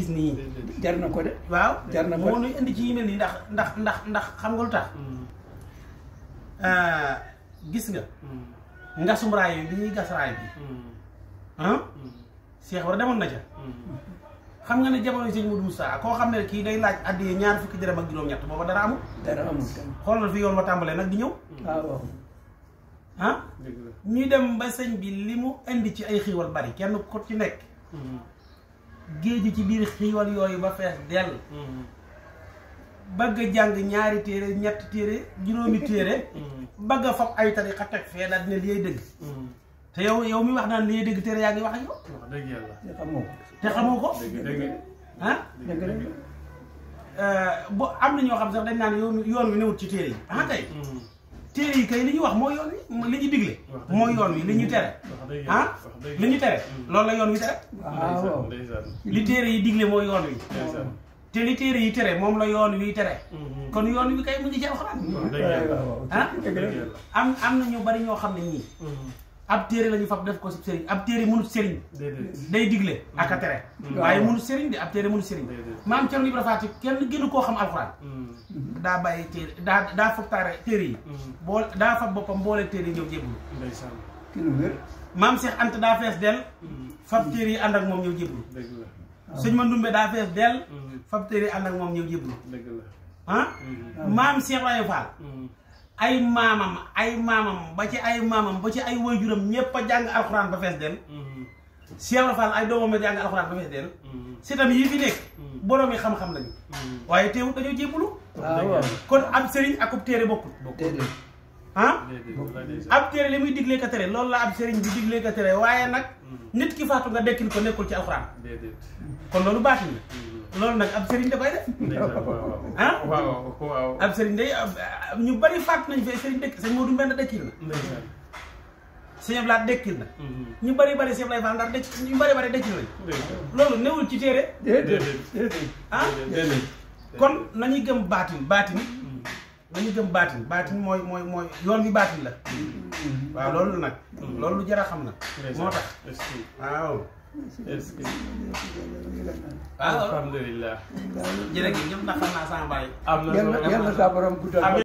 gis nii jar na ko de. waw jar na ko moo nuy indi ci yu mel ndax ndax ndax ndax xam nga lu tax. Hmm. Ah, gis nga. Hmm. ngasum raay bi bi ñuy gas raay bi. Hmm. ah. Cheikh war demoon na ca. xam nga ne jamono sëñ Modou Moussa koo xam ne kii day laaj addiye ñaar fukki dërëm ak juróom-ñett booba dara amul. dara amul xoolal fi yoon ma tàmbalee nag di ñëw. Ah, waaw ah. ñuy dem ba sëñ bi li mu ci ay xiiwal bari kenn ko ci nekk. géeju ci biir xiiwal yooyu ba fees dell mm-hmm. bëgg jàng ñaari téere ñett téere juróomi téere mm-hmm. bëgg a fab ay tariqa teg fee daal ne liyay dëgg mm-hmm. te yow yow mi wax naan liyay dëgg téere yaa ngi wax ak yow wax dëgg ko ah dëgg eh, am na ñoo xam sax dañ naan yoon yoon wi newut ci téere yi ah kay téere yi kay li ñuy wax moo yoon wi li ñu digle mooy yoon wi li ñu tere ah li ñu tere mm. loolu la yoon wi tere li téere yi digle moo yoon wi te li téere yi tere moom la yoon wi tere mm-hmm. kon yoon wi kay mu ngi ci alxuraan mm-hmm. ah? am am na ñu bari ñoo xam ne ñii mm-hmm. ab téere la fab def ko si sëriñ ab téere mënut sëriñ day digle ak a tere waaye mënut sëriñ de ab téere mënut sëriñ maam Cerno Ibra Faati kenn gënu koo xam alxuraan daa bàyyi téere daa daa fab taare téere yi boo daa fab boppam boole téere yi ñëw jébbalu ci lu wér. maam Cheikh Anta daa fees dell. fab téere yi ànd ak moom ñëw jéblu. Ah. sëñ ma ndumbe daa fees dell. Mm-hmm. fab téere yi ànd ak moom ñëw jéblu. dëgg la ah. Mm-hmm. maam Cheikh Rayo Fall. Mm-hmm. ay maamam ay maamam ba ci ay maamam ba ci ay waajuram ñëpp a jàng alxuraan ba fees dell. Cheikh ay doomam a jàng yii fi nekk. borom yi xam-xam lañu. waaye teewul dañoo jéblu. Ah, kon am sëriñ ak ub téere bokkul. ah ab téere li muy diglee ka tere loolu la ab sëriñ bi diglee ka tere waaye nag nit ki faatu nga dekkil ko nekkul ci alxuraan kon loolu baatin la mm-hmm. loolu nag ab sëriñ da koy def ah? ñu bari faatu nañ fee sëriñ dëkk sëñ Modou Mbène dekkil na sëñ Ablaat mm-hmm. ñu bari bari sëñ Ablaat Fall ndax dekk ñu bari bari dekkil loolu newul ci téere ah kon nañuy gëm baatin baatin nañu jëm baatin baatin mooy mooy mooy yoon bi baatin la mm-hmm. waaw loolu nag mm-hmm. loolu lu jar a xam na moo tax waaw est-ce que alhamdulilah jërëjëf ñëpp naqar naa sama bàyyi am na yàlla sa borom guddal